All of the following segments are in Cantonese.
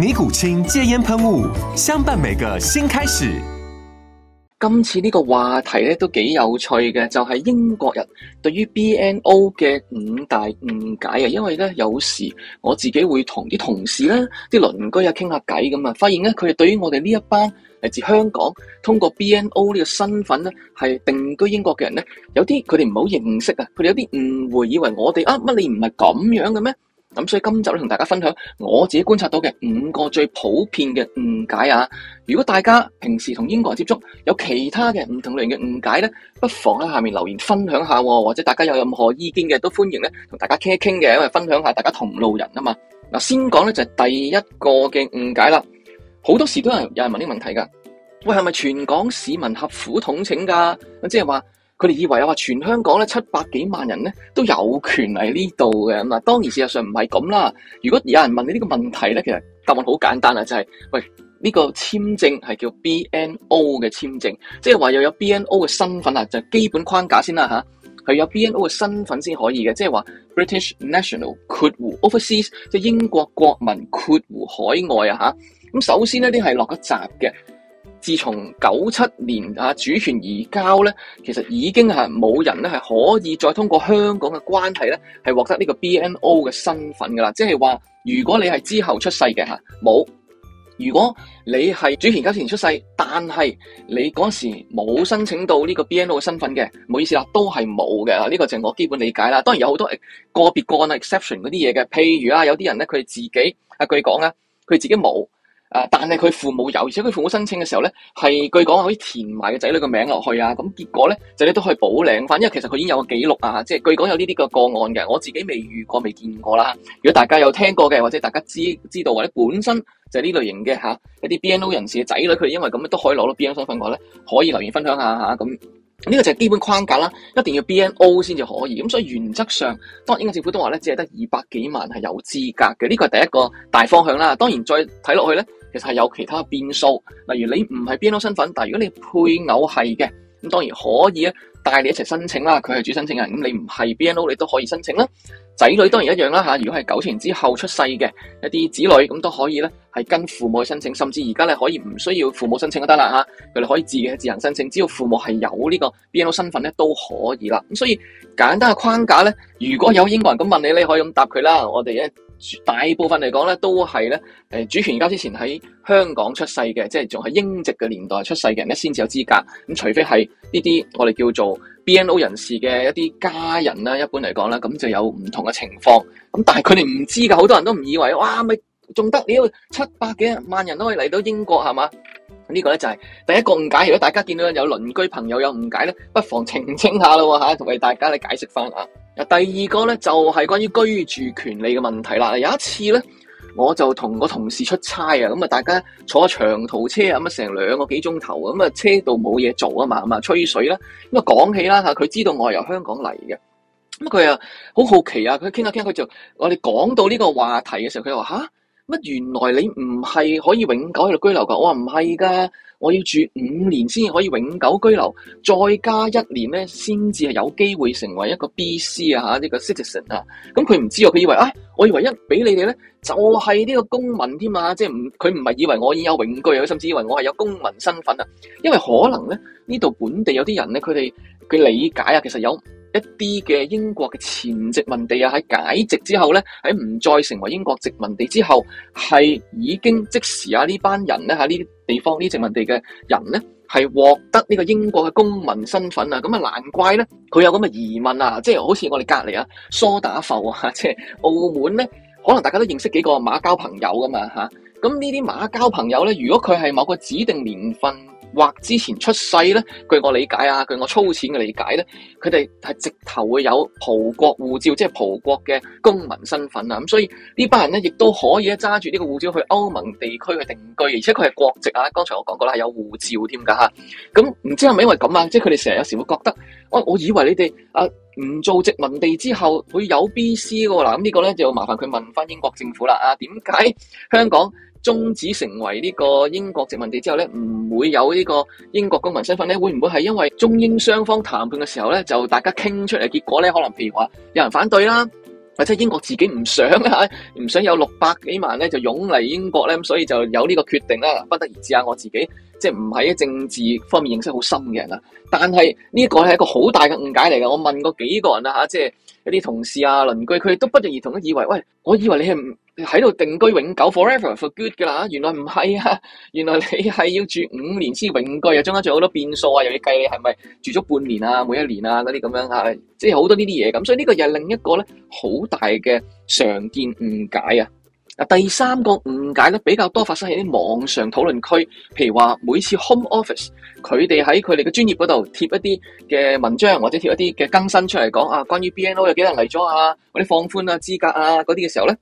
尼古清戒煙噴霧，相伴每個新開始。今次呢個話題咧都幾有趣嘅，就係英國人對於 B N O 嘅五大誤解啊！因為咧有時我自己會同啲同事咧、啲鄰居啊傾下偈咁啊，發現咧佢哋對於我哋呢一班嚟自香港通過 B N O 呢個身份咧係定居英國嘅人咧，有啲佢哋唔好認識啊！佢哋有啲誤會以為我哋啊乜你唔係咁樣嘅咩？咁所以今集咧同大家分享我自己觀察到嘅五個最普遍嘅誤解啊！如果大家平時同英國人接觸，有其他嘅唔同類型嘅誤解咧，不妨喺下面留言分享下喎，或者大家有任何意見嘅都歡迎咧同大家傾一傾嘅，因為分享下大家同路人啊嘛。嗱，先講咧就係第一個嘅誤解啦，好多時都有人問問啲問題噶，喂，係咪全港市民合苦統請㗎？即係話。佢哋以為啊話全香港咧七百幾萬人咧都有權嚟呢度嘅，咁嗱當然事實上唔係咁啦。如果有人問你呢個問題咧，其實答案好簡單啦，就係、是、喂呢、呢個簽證係叫 BNO 嘅簽證，即係話又有 BNO 嘅身份啊，就是、基本框架先啦吓，佢、啊、有 BNO 嘅身份先可以嘅，即係話 British National 括弧 Overseas 即係英國國民括弧海外啊吓，咁、啊、首先呢啲係落一集嘅。自從九七年啊主權移交咧，其實已經係冇人咧係可以再通過香港嘅關係咧係獲得呢個 BNO 嘅身份㗎啦。即係話，如果你係之後出世嘅嚇冇；如果你係主權移交前出世，但係你嗰時冇申請到呢個 BNO 嘅身份嘅，冇意思啦，都係冇嘅。呢個係我基本理解啦。當然有好多個別個案 exception 嗰啲嘢嘅，譬如啊，有啲人咧佢自己啊據講啊，佢自己冇。誒，但係佢父母有，而且佢父母申請嘅時候咧，係據講可以填埋個仔女個名落去啊。咁結果咧，就你都可以補領翻，因為其實佢已經有個記錄啊。即係據講有呢啲嘅個案嘅，我自己未遇過、未見過啦。如果大家有聽過嘅，或者大家知知道，或者本身就係呢類型嘅一啲 B N O 人士嘅仔女，佢因為咁都可以攞到 B N O 身份嘅咧，可以留言分享一下嚇咁。呢個就係基本框架啦，一定要 B N O 先至可以。咁所以原則上，當然英國政府都話咧，只係得二百幾萬係有資格嘅。呢個係第一個大方向啦。當然再睇落去咧。其實係有其他變數，例如你唔係 BNO 身份，但如果你配偶係嘅，咁當然可以啊，帶你一齊申請啦，佢係主申請人，咁你唔係 BNO 你都可以申請啦。仔女當然一樣啦嚇，如果係九七年之後出世嘅一啲子女，咁都可以咧，係跟父母去申請，甚至而家你可以唔需要父母申請都得啦嚇，佢哋可以自己去自行申請，只要父母係有呢個 BNO 身份咧都可以啦。咁所以簡單嘅框架咧，如果有英國人咁問你，你可以咁答佢啦，我哋一。大部分嚟講咧，都係咧，誒主權而家之前喺香港出世嘅，即係仲係英籍嘅年代出世嘅人咧，先至有資格。咁除非係呢啲我哋叫做 BNO 人士嘅一啲家人啦，一般嚟講啦，咁就有唔同嘅情況。咁但係佢哋唔知㗎，好多人都唔以為，哇咪仲得了七百幾萬人都可以嚟到英國係嘛？呢個咧就係第一個誤解。如果大家見到有鄰居朋友有誤解咧，不妨澄清下咯嚇，為大家咧解釋翻啊。第二個咧就係關於居住權利嘅問題啦。有一次咧，我就同個同事出差啊，咁啊大家坐長途車咁啊成兩個幾鐘頭，咁啊車度冇嘢做啊嘛，咁啊吹水啦，咁啊講起啦吓，佢知道我係由香港嚟嘅，咁佢啊好好奇啊，佢傾下傾，佢就我哋講到呢個話題嘅時候，佢話吓。啊乜原來你唔係可以永久喺度居留噶？我話唔係噶，我要住五年先至可以永久居留，再加一年咧，先至係有機會成為一個 B.C. 啊，嚇呢個 citizen 啊。咁佢唔知喎，佢以為啊、哎，我以為一俾你哋咧，就係、是、呢個公民添、啊、嘛。即係唔，佢唔係以為我已經有永居，甚至以為我係有公民身份啊。因為可能咧，呢度本地有啲人咧，佢哋佢理解啊，其實有。一啲嘅英國嘅前殖民地啊，喺解殖之後咧，喺唔再成為英國殖民地之後，係已經即時啊呢班人咧喺呢啲地方呢殖民地嘅人咧，係獲得呢個英國嘅公民身份啊！咁啊難怪咧，佢有咁嘅疑問啊，即係好似我哋隔籬啊，梳打埠啊，即係澳門咧，可能大家都認識幾個馬交朋友㗎嘛嚇，咁呢啲馬交朋友咧，如果佢係某個指定年份，或之前出世咧，據我理解啊，據我粗淺嘅理解咧，佢哋係直頭會有葡國護照，即係葡國嘅公民身份啊，咁所以呢班人咧亦都可以揸住呢個護照去歐盟地區去定居，而且佢係國籍啊。剛才我講過啦，係有護照添㗎嚇。咁唔知係咪因為咁啊？即係佢哋成日有時會覺得，我我以為你哋啊唔做殖民地之後會有 BC 㗎喎嗱。咁呢個咧就麻煩佢問翻英國政府啦。啊，點解香港中止成為呢個英國殖民地之後呢，唔會有呢個英國公民身份呢，會唔會係因為中英雙方談判嘅時候呢，就大家傾出嚟結果呢，可能譬如話有人反對啦，或者英國自己唔想啦，唔想有六百幾萬呢就湧嚟英國呢，咁所以就有呢個決定啦，不得而知啊，我自己。即係唔係喺政治方面認識好深嘅人啦，但係呢個係一個好大嘅誤解嚟嘅。我問過幾個人啊嚇，即係有啲同事啊、鄰居，佢都不約而同都以為，喂，我以為你係喺度定居永久，forever for good 噶啦，原來唔係啊，原來你係要住五年先永居啊，中間仲有好多變數啊，又要計你係咪住咗半年啊、每一年啊嗰啲咁樣啊，即係好多呢啲嘢咁，所以呢個又係另一個咧好大嘅常見誤解啊。第三個誤解咧，比較多發生喺啲網上討論區，譬如話每次 Home Office，佢哋喺佢哋嘅專業嗰度貼一啲嘅文章，或者貼一啲嘅更新出嚟講啊，關於 BNO 有幾多人嚟咗啊，或者放寬啊資格啊嗰啲嘅時候咧，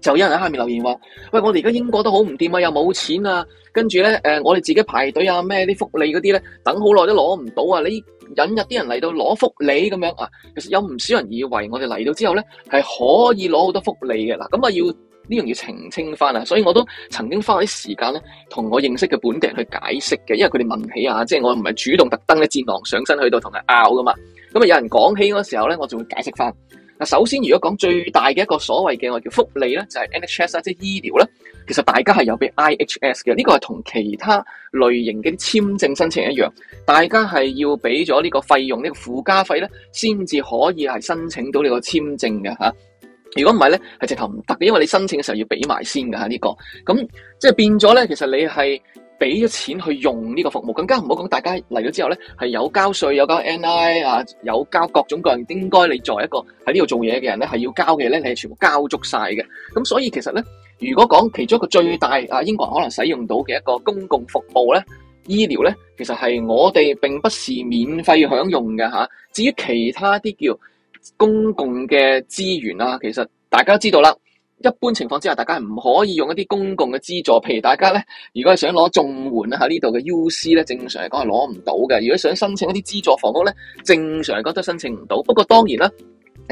就有人喺下面留言話：喂，我哋而家英國都好唔掂啊，又冇錢啊，跟住咧，誒，我哋自己排隊啊，咩啲福利嗰啲咧，等好耐都攞唔到啊，你引入啲人嚟到攞福利咁樣啊，其實有唔少人以為我哋嚟到之後咧，係可以攞好多福利嘅嗱，咁啊要。呢樣要澄清翻啊！所以我都曾經花啲時間咧，同我認識嘅本地人去解釋嘅，因為佢哋問起啊，即係我唔係主動特登咧戰狼上身去到同佢拗噶嘛。咁啊，有人講起嗰時候咧，我就會解釋翻。嗱，首先如果講最大嘅一個所謂嘅我叫福利咧，就係 NHS 啊，即係醫療咧。其實大家係有俾 IHS 嘅，呢個係同其他類型嘅簽證申請一樣，大家係要俾咗呢個費用呢個附加費咧，先至可以係申請到你個簽證嘅吓。如果唔係咧，係直頭唔得嘅，因為你申請嘅時候要俾埋先嘅吓呢個，咁即係變咗咧，其實你係俾咗錢去用呢個服務，更加唔好講大家嚟咗之後咧，係有交稅、有交 NI 啊，有交各種各樣，應該你作為一個喺呢度做嘢嘅人咧，係要交嘅咧，你係全部交足晒嘅。咁所以其實咧，如果講其中一個最大啊，英國人可能使用到嘅一個公共服務咧，醫療咧，其實係我哋並不是免費享用嘅吓、啊。至於其他啲叫公共嘅資源啦，其實大家都知道啦，一般情況之下，大家係唔可以用一啲公共嘅資助，譬如大家咧，如果係想攞綜援咧，喺呢度嘅 UC 咧，正常嚟講係攞唔到嘅；如果想申請一啲資助房屋咧，正常嚟講都申請唔到。不過當然啦，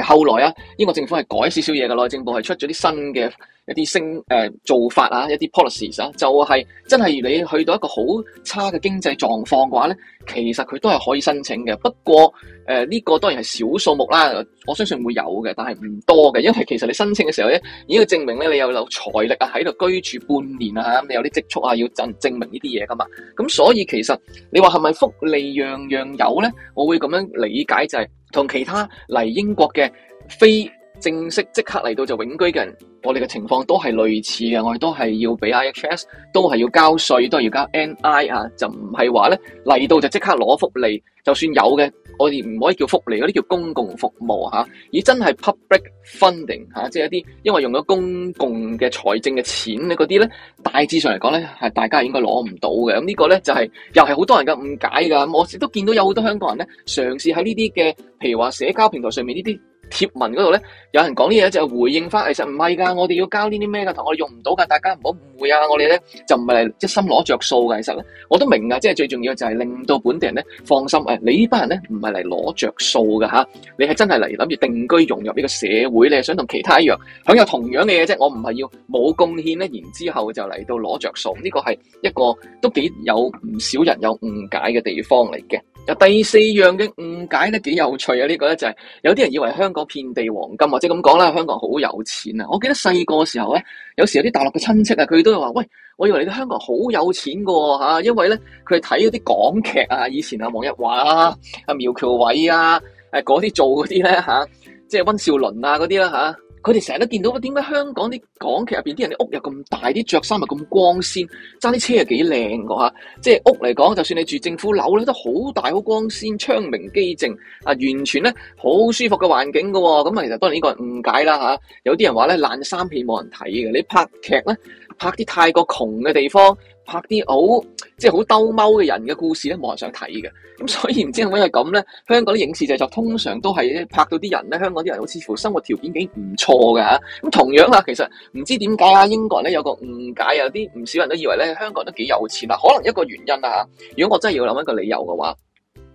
後來啊，英國政府係改少少嘢嘅，內政部係出咗啲新嘅。一啲升誒做法啊，一啲 policies 啊，就係真係你去到一個好差嘅經濟狀況嘅話咧，其實佢都係可以申請嘅。不過誒呢、呃這個當然係小數目啦，我相信會有嘅，但係唔多嘅，因為其實你申請嘅時候咧，已經要證明咧你有有財力啊，喺度居住半年啊，你有啲積蓄啊，要證明呢啲嘢㗎嘛。咁所以其實你話係咪福利樣樣有咧？我會咁樣理解就係、是、同其他嚟英國嘅非。正式即刻嚟到就永居嘅人，我哋嘅情況都係類似嘅，我哋都係要俾 IHS，都係要交稅，都係要交 NI 啊，就唔係話咧嚟到就即刻攞福利，就算有嘅，我哋唔可以叫福利，嗰啲叫公共服務吓，而、啊、真係 public funding 吓、啊，即係一啲因為用咗公共嘅財政嘅錢，你嗰啲咧大致上嚟講咧，係大家應該攞唔到嘅。咁、嗯這個、呢個咧就係、是、又係好多人嘅誤解㗎。咁我亦都見到有好多香港人咧，嘗試喺呢啲嘅，譬如話社交平台上面呢啲。貼文嗰度咧，有人講呢嘢就係回應翻，其實唔係㗎，我哋要交呢啲咩㗎，同我哋用唔到㗎，大家唔好誤會啊！我哋咧就唔係一心攞着數嘅，其實咧我都明啊，即係最重要就係令到本地人咧放心誒，你呢班人咧唔係嚟攞着數嘅嚇，你係真係嚟諗住定居融入呢個社會咧，你想同其他一樣享有同樣嘅嘢啫，我唔係要冇貢獻咧，然之後就嚟到攞着數，呢個係一個都幾有唔少人有誤解嘅地方嚟嘅。第四樣嘅誤解咧幾有趣啊！呢個咧就係有啲人以為香港。個遍地黃金，或者咁講啦，香港好有錢啊！我記得細個時候咧，有時有啲大陸嘅親戚啊，佢都係話：喂，我以為你哋香港好有錢噶喎嚇，因為咧佢睇嗰啲港劇啊，以前啊，黃日華啊、啊苗僑偉啊、誒嗰啲做嗰啲咧嚇，即係温兆倫啊嗰啲啦嚇。佢哋成日都見到，點解香港啲港劇入邊啲人啲屋又咁大，啲着衫又咁光鮮，揸啲車又幾靚㗎嚇？即係屋嚟講，就算你住政府樓咧，都好大好光鮮，窗明幾淨，啊，完全咧好舒服嘅環境㗎喎、哦。咁啊，其實當然呢個係誤解啦、啊、有啲人話咧，爛衫片冇人睇嘅，你拍劇咧拍啲太過窮嘅地方。拍啲好即係好兜踎嘅人嘅故事咧，冇人想睇嘅。咁所以唔知係咪係咁咧？香港啲影視製作通常都係拍到啲人咧，香港啲人好似乎生活條件幾唔錯嘅嚇。咁同樣啊，其實唔知點解啊，英國人咧有個誤解，有啲唔少人都以為咧香港人都幾有錢啦。可能一個原因啦嚇。如果我真係要諗一個理由嘅話，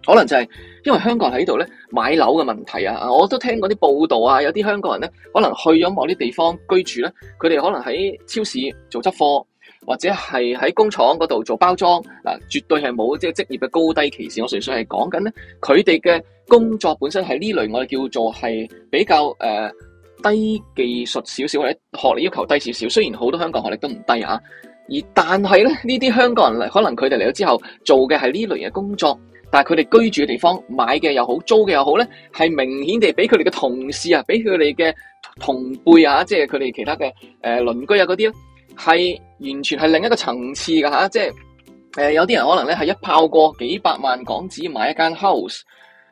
可能就係因為香港喺度咧買樓嘅問題啊！我都聽過啲報道啊，有啲香港人咧可能去咗某啲地方居住咧，佢哋可能喺超市做執貨。或者係喺工廠嗰度做包裝，嗱、啊、絕對係冇即係職業嘅高低歧視。我純粹係講緊咧，佢哋嘅工作本身係呢類，我哋叫做係比較誒、呃、低技術少少或者學歷要求低少少。雖然好多香港學歷都唔低啊，而但係咧呢啲香港人嚟，可能佢哋嚟咗之後做嘅係呢類嘅工作，但係佢哋居住嘅地方買嘅又好租嘅又好咧，係明顯地俾佢哋嘅同事啊，俾佢哋嘅同輩啊，即係佢哋其他嘅誒鄰居啊嗰啲咯。係完全係另一個層次噶吓，即係誒有啲人可能咧係一炮過幾百萬港紙買一間 house，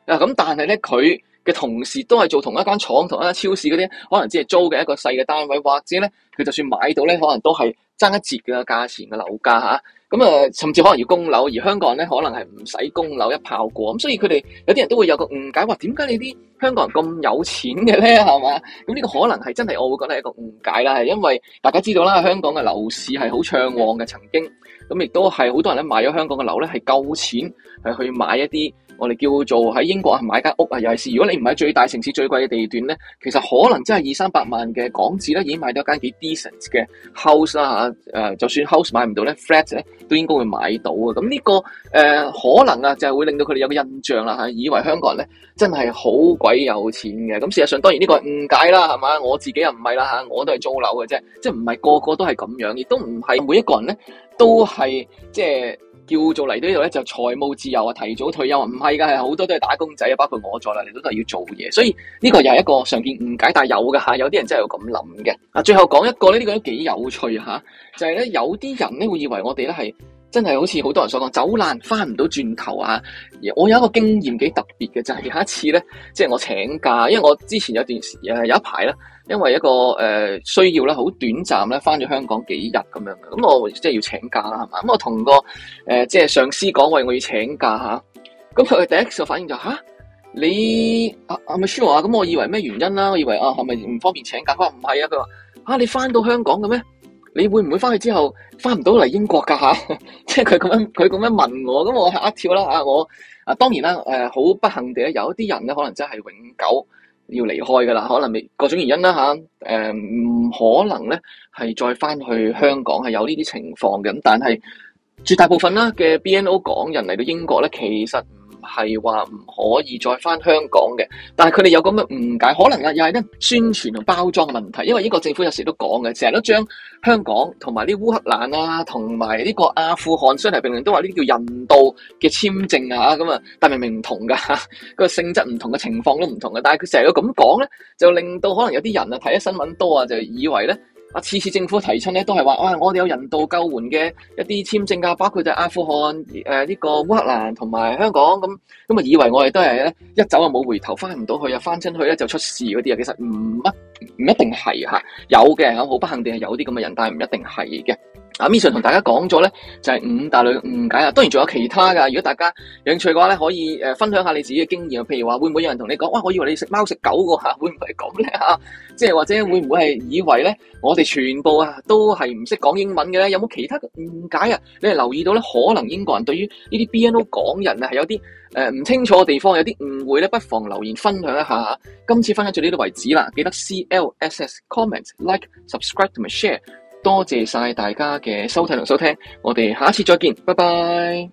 咁但係咧佢嘅同事都係做同一間廠、同一間超市嗰啲，可能只係租嘅一個細嘅單位，或者咧佢就算買到咧，可能都係爭一截嘅價錢嘅樓價吓。咁誒，甚至可能要供樓，而香港人咧可能係唔使供樓一炮過，咁所以佢哋有啲人都會有個誤解，話點解你啲香港人咁有錢嘅咧，係嘛？咁呢個可能係真係，我會覺得係一個誤解啦，係因為大家知道啦，香港嘅樓市係好暢旺嘅，曾經咁亦都係好多人咧買咗香港嘅樓咧，係夠錢去買一啲。我哋叫做喺英國啊，買間屋啊，尤其是如果你唔喺最大城市最貴嘅地段咧，其實可能真係二三百萬嘅港紙咧，已經買到間幾 decent 嘅 house 啦嚇。誒，就算 house 買唔到咧，flat 咧都應該會買到啊。咁呢、這個誒、呃、可能啊，就係會令到佢哋有個印象啦嚇，以為香港人咧真係好鬼有錢嘅。咁事實上當然呢個係誤解啦，係嘛？我自己又唔係啦嚇，我都係租樓嘅啫，即係唔係個個都係咁樣，亦都唔係每一個人咧。都係即係叫做嚟到呢度咧，就財務自由啊，提早退休啊，唔係㗎，係好多都係打工仔啊，包括我在啦，嚟到都係要做嘢，所以呢個又係一個常見誤解，但係有㗎嚇，有啲人真係會咁諗嘅。最後講一個咧，呢個都幾有趣嚇，就係咧有啲人咧會以為我哋咧係。真係好似好多人所講，走難翻唔到轉頭啊！我有一個經驗幾特別嘅，就係、是、有一次咧，即係我請假，因為我之前有段時誒有一排啦，因為一個誒需要咧，好短暫咧，翻咗香港幾日咁樣嘅，咁我即係要請假啦，係嘛？咁、嗯、我同個、呃、即係上司講，喂，我要請假嚇。咁佢第一次就反應就吓、是啊？你啊啊！咪舒華啊！咁我以為咩原因啦？我以為啊，係咪唔方便請假？佢話唔係啊，佢話吓？你翻到香港嘅咩？你會唔會翻去之後翻唔到嚟英國噶吓？ 即係佢咁樣佢咁樣問我，咁我吓一跳啦吓，我啊當然啦，誒好不幸地有一啲人咧可能真係永久要離開噶啦，可能未各種原因啦吓，誒、嗯、可能咧係再翻去香港係有呢啲情況嘅，咁但係絕大部分啦嘅 B N O 港人嚟到英國咧，其實。係話唔可以再翻香港嘅，但係佢哋有個咁嘅誤解，可能啊又係咧宣傳同包裝嘅問題，因為呢個政府有時都講嘅，成日都將香港同埋啲烏克蘭啊，同埋呢個阿富汗，相提並論，都話呢啲叫人道嘅簽證啊，咁啊，但明明唔同噶，個性質唔同嘅，情況都唔同嘅，但係佢成日都咁講咧，就令到可能有啲人啊睇咗新聞多啊，就以為咧。啊！次次政府提親咧，都係話啊，我哋有人道救援嘅一啲簽證啊，包括就阿富汗、呢、呃呢個烏克蘭同埋香港咁，咁啊以為我哋都係咧一走啊冇回頭，翻唔到去啊，翻親去咧就出事嗰啲啊，其實唔乜。唔一定係哈，有嘅，好不幸定係有啲咁嘅人，但係唔一定係嘅。以上同大家講咗咧，就係五大類誤解啊。當然仲有其他噶，如果大家有興趣嘅話咧，可以誒分享下你自己嘅經驗，譬如話，會唔會有人同你講哇？我以為你食貓食狗個嚇，會唔會係咁咧嚇？即係或者會唔會係以為咧，我哋全部啊都係唔識講英文嘅咧？有冇其他嘅誤解啊？你係留意到咧？可能英國人對於呢啲 BNO 港人啊係有啲。誒唔、呃、清楚嘅地方有啲誤會咧，不妨留言分享一下。今次分享到呢度為止啦，記得 CLSS comment like subscribe 同埋 share，多謝晒大家嘅收睇同收聽。我哋下次再見，拜拜。